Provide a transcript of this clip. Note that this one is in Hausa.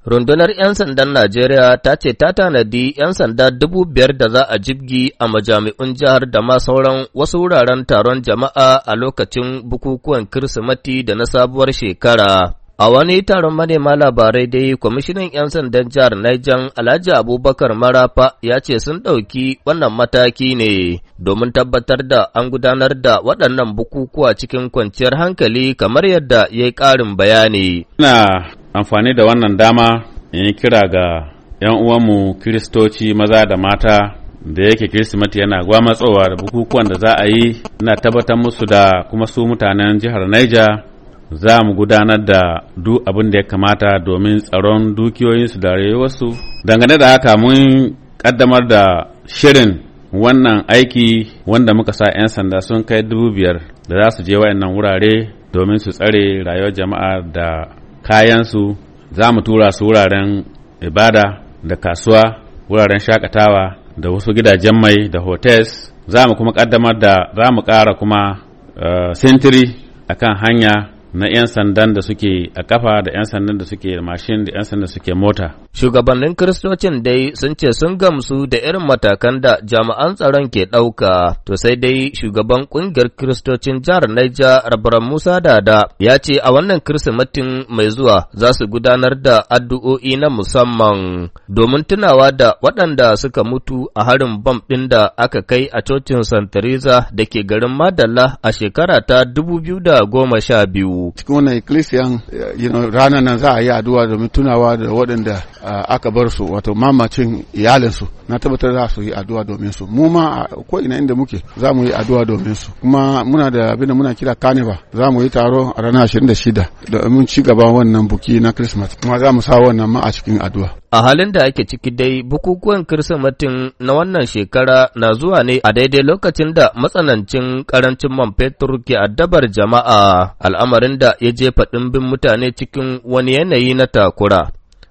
Rundunar 'yan sandan Najeriya ta ce ta tanadi 'yan sanda dubu biyar da za a jibgi a majami'un jihar da ma sauran wasu wuraren taron jama'a a lokacin bukukuwan Kirsimati da na sabuwar shekara. A wani taron manema labarai dai, kwamishinan 'yan sandan jihar Niger Alhaji Abubakar Marafa ya ce sun ɗauki wannan mataki ne domin tabbatar da an gudanar da waɗannan bukukuwa cikin kwanciyar hankali kamar yadda ya yi ƙarin bayani. Na amfani da wannan dama in yi kira ga 'yan uwanmu kiristoci maza da mata da yake kirsimati yana gwamatsowa da bukukuwan da za a yi na tabbatar musu da kuma su mutanen jihar niger za mu gudanar da duk abin da ya kamata domin tsaron dukiyoyinsu da rayuwarsu dangane da haka mun kaddamar da shirin wannan aiki wanda muka sa 'yan sanda sun kai dubu biyar da za su je wayannan wurare domin su tsare rayuwar jama'a da kayansu za mu tura su wuraren ibada da kasuwa wuraren shakatawa da wasu gidajen mai da hotels za mu kuma kaddamar da za mu ƙara kuma eh, sintiri a kan hanya na 'yan sandan da suke a kafa da 'yan sandan da suke mashin da 'yan sandan da suke mota Shugabannin Kiristocin dai sun ce sun gamsu da irin matakan da jami'an tsaron ke ɗauka, to sai dai shugaban ƙungiyar Kiristocin jihar Naija Rabaran Musa Dada ya ce a wannan kirsimatin mai zuwa za su gudanar da addu'o'i na musamman domin tunawa da waɗanda suka mutu a harin bam ɗin da aka kai a cocin St. Teresa da ke garin Madalla a shekara ta goma sha biyu. Cikin eh, ranar nan za a yi addu'a domin tunawa da waɗanda aka bar su wato mamacin iyalinsu na tabbatar za su yi addu'a domin su mu ma ko ina inda muke za mu yi addu'a domin su kuma muna da abinda muna kira carnival za mu yi taro a ranar shida domin ci gaba wannan buki na christmas kuma za mu sa wannan ma a cikin addu'a a halin da ake ciki dai bukukuwan kirsimatin na wannan shekara na zuwa ne a daidai lokacin da matsanancin karancin man fetur ke addabar jama'a al'amarin da ya jefa ɗimbin mutane cikin wani yanayi na takura